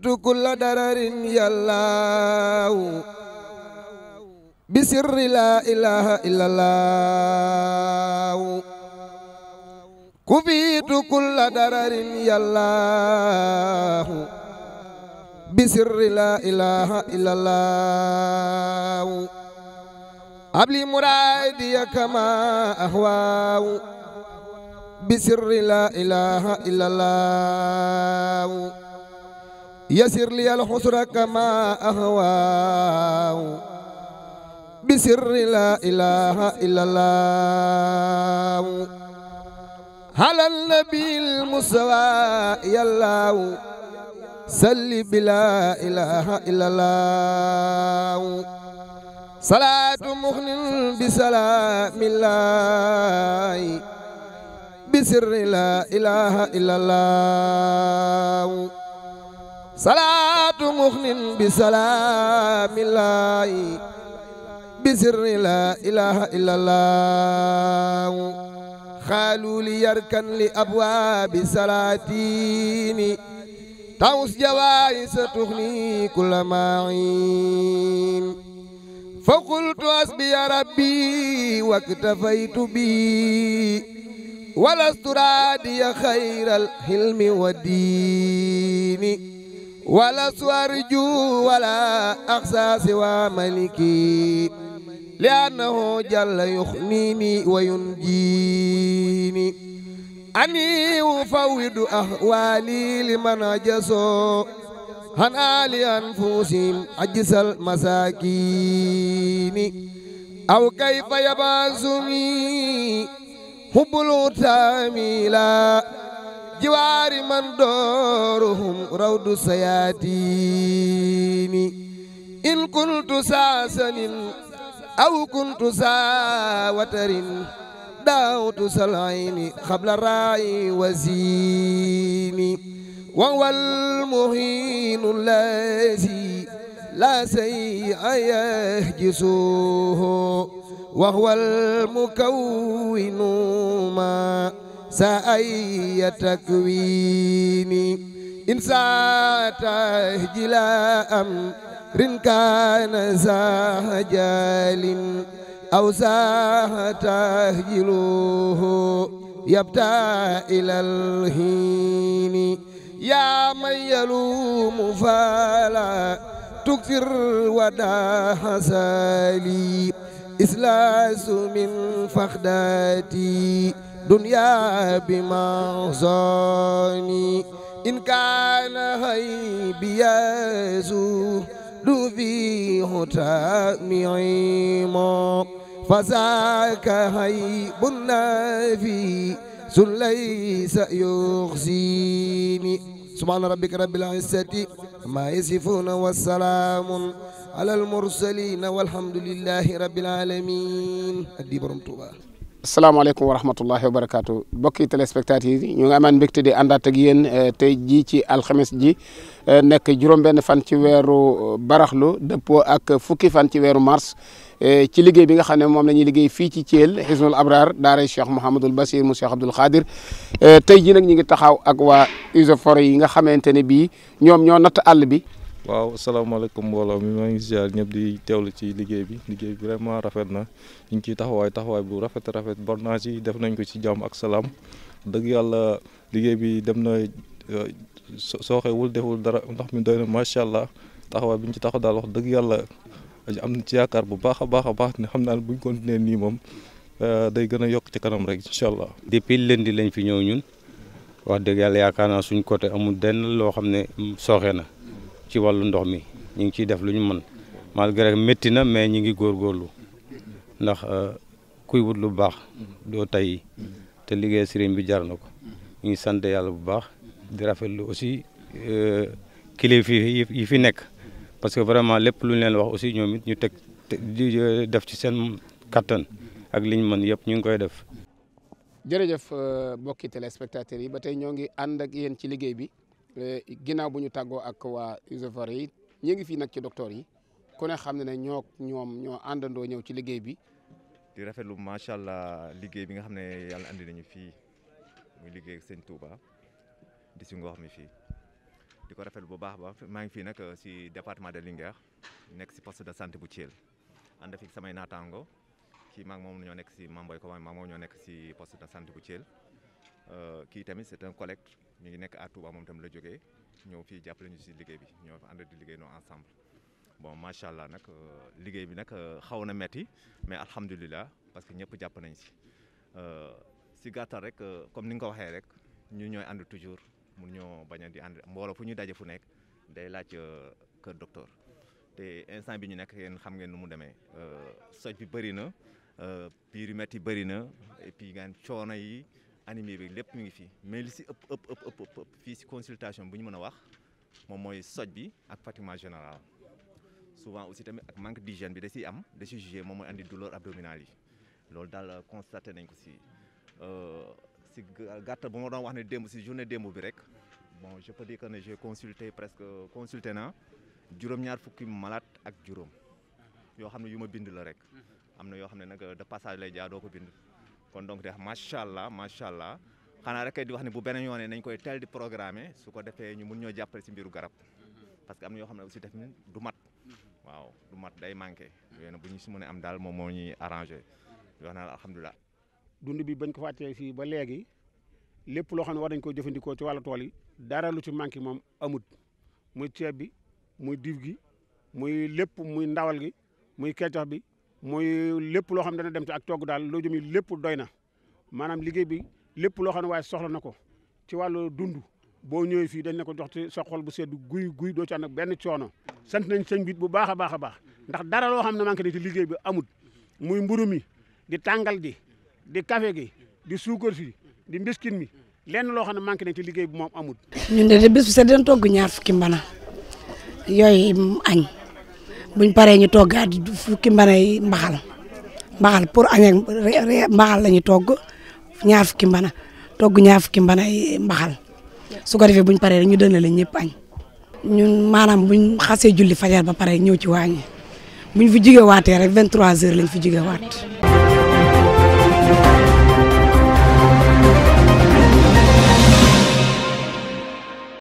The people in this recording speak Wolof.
jiitu kulla dararin yallaahu bi sirri laa ilaaha illallaahu kufiitu kulla dararin yallaahu bi sirri laa ilaaha illallaahu abli muraadiya kamaa ahwaahu bi sirri laa ilaaha illallaahu يسر لي الحسر كما أهواه بسر لا إله إلا الله على النبي المستوى يا الله صل بلا إله إلا الله صلاة مخن بسلام الله بسر لا إله إلا الله salaatu muxnin bi salaamillaahi bi sirri laa ilaaha illallah xaalu li yarkan li abwaabi salaatiini tawus jawaayi sa tuxni kulla maayin fa qultu hasbi ya rabbi wa ktafaytu bi walastu raadiya xayral hilmi wa diini ولا سوارجو ولا أقسى سوى ملكي لأنه جل يخنيني وينجيني أني أفوض أحوالي لمن أجسوا هنا لأنفسهم أجس المساكين أو كيف يبعثني حب الأتام لا jiwaari man dooruhum rawdu sayaatiini in kuntu saa sanin aw kuntu saa watarin daawtu salayni xabla raayi wasiini wa wal muhiinu lazi laa say ayahjisuhu wa huwal mukawwinu ma سأي تكويني إن ساعت جلا أمر كان سهجال أو ساعت تهجلوه يبتى إلى الهين يا من يلوم فلا تكثر ودا حسالي إسلاس من فخداتي الدنيا بمعزاني إن كان هيبي يزول في هتام عيما فذاك هيب النافي ليس يخزيني سبحان ربك رب العزة ما يصفون والسلام على المرسلين والحمد لله رب العالمين salaamaaleykum wa rahmatullahi wa barakaatu mbokki téléspectateurs yi ñu ngi amaan mbégte di àndaat ak yéen euh, tey jii ci alxames ji euh, nekk juróom-benn fan ci weeru euh, baraxlu dëppoo ak fukki fan ci weeru mars ci liggéey bi nga xam ne moom la ñuy liggéey fii ci Thiel Hisnul Abrar daaray Cheikh Mouhamadul Basir mu Cheikh Abdoul Khadir tey jii nag ñu ngi taxaw ak waa eaux et yi nga xamante ne bii ñoom ñoo natt àll bi. waaw asalaamaaleykum mbooloo mi maa ngi ziar ñëpp di teewlu ci liggéey bi liggéey bi vraiment rafet na ñu ngi ciy taxawaay taxawaay bu rafet rafet naa si def nañ ko ci jàmm ak salaam dëgg yàlla liggéey bi dem na euh, sooxewul deful dara ndox mi doy macha allah taxawaay bi ci taxaw daal wax dëgg yàlla am na ci yaakaar bu baax a baax a baax ne xam naa buñ bu ñu continuer nii moom euh, day gën a yokk ci kanam rek incha allah. leen di lañ fi ñëw ñun wax dëgg yàlla yaakaar naa suñ côté amul denn loo xam ne sooxee na. ci wàllu ndox mi ñu ngi ciy def lu ñu mën malgré métti na mais ñu ngi góorgóorlu ndax euh, kuy wut lu baax doo tey te liggéey sëriñ bi jar na ko ñu ngi sant yàlla bu baax di rafetlu aussi euh, kilifa yi fi nekk parce que vraiment lépp lu ñu leen wax aussi ñoom it ñu teg di euh, def ci seen kattan ak liñ mën yëpp ñu ngi koy def. jërëjëf mbokki téléspectateurs yi ba tey ñoo ngi ànd ak yéen ci liggéey bi. Eh, ginaaw bu ñu tàggoo ak waa Usefare yi ñu ngi fii nag ci docteur yi ku ne xam ne ne ñoo ñoom ñoo àndandoo ñëw ci liggéey bi. di rafetlu macha allah liggéey bi nga xam ne yàlla andi nañu fii muy liggéey ak sëñ di si ngoox mi fii di ko rafetlu bu baax ba maa ngi fii nag eh, si département de Linguère nekk si poste de santé bu Thiel ànd fi samay naataango kii maag moom ñoo nekk si Mamboy ko maag moom ñoo nekk si poste de santé bu Thiel eh, kii tamit c'est un collecte. mu ngi nekk à Touba moom tam la jógee ñëw fii jàppale ñu si liggéey bi ñoo fa ànd di liggéey noo ensemble. bon macha allah nag euh, liggéey bi nag euh, xaw na metti mais alhamdulilah parce que ñëpp jàpp nañ si euh, si gàttal rek comme ni nga ko waxee rek ñu ñooy ànd toujours mun ñoo bañ a di ànd mboolo fu ñu daje fu nekk day laaj kër docteur te instant bi ñu nekk yéen xam ngeen nu mu demee soj bi bëri na biir yu metti bëri na et puis ngeen coono yi. animé bi lépp mu ngi fii mais li si ëpp ëpp ëpp ëpp ëpp fii si consultation bu ñu mën a wax moom mooy soj bi ak fatiguement général souvent aussi tamit ak manque di d'hygiène bi da siy am da siy jugé moom mooy andi douleur abdominale yi loolu daal euh, constaté nañ ko si euh, si gàttal bu ma doon wax ne démb si journée démb bi rek bon je peux dire que ne presque consulté na juróom-ñaar fukki malaat ak juróom yoo xam ne yu ma bind la rek mm-hmm. am na yoo xam ne nag euh, de passage lay jaar doo ko bind kon donc de macha allah macha allah xanaa rek di wax ne bu beneen yoonee nañ koy teel di programmer su ko defee ñu mun ñoo jàppale si mbiru garab parce que am na yoo xam ne aussi def du mat waaw du mat day manqué. yéen bu ñu si mën am daal moom moo ñuy arrangé di wax naan alhamdulilah. dund bi bañ ko fàttee fii ba léegi lépp loo xam ne war nañ ko jëfandikoo ci wàllu tool yi dara lu ci manqué moom amut muy ceeb bi muy diw gi muy lépp muy ndawal gi muy kecox bi. muy lépp loo xam ne dana dem ci ak togg daal loo jëm yi lépp doy na maanaam liggéey bi lépp loo xam ne waaye soxla na ko ci wàllu dund boo ñëwee fii dañ nekko ko jox ci bu sedd guy guy doo ci ànd benn coono sant nañ sëñ bit bu baax a baax a baax ndax dara loo xam ne manqué ne ci liggéey bi amut muy mburu mi di tàngal gi di café gi di suukar si di mbiskit mi lenn loo xam ne manqué ne ci liggéey bi moom amut ñun de bis bi sax dina togg ñaar fukki mbana yooyu añ buñ paree ñu toggaat fukki mbanay mbaxal mbaxal pour añ ak mbaxal la ñu togg ñaar fukki mbana togg ñaar fukki mbanay mbaxal su ko defee buñ paree rek ñu dënale ñëpp añ ñun maanaam buñ xasee julli fajar ba pare ñëw ci waañ buñ fi jugee waatee rek 23 heures lañ fi jugee waat.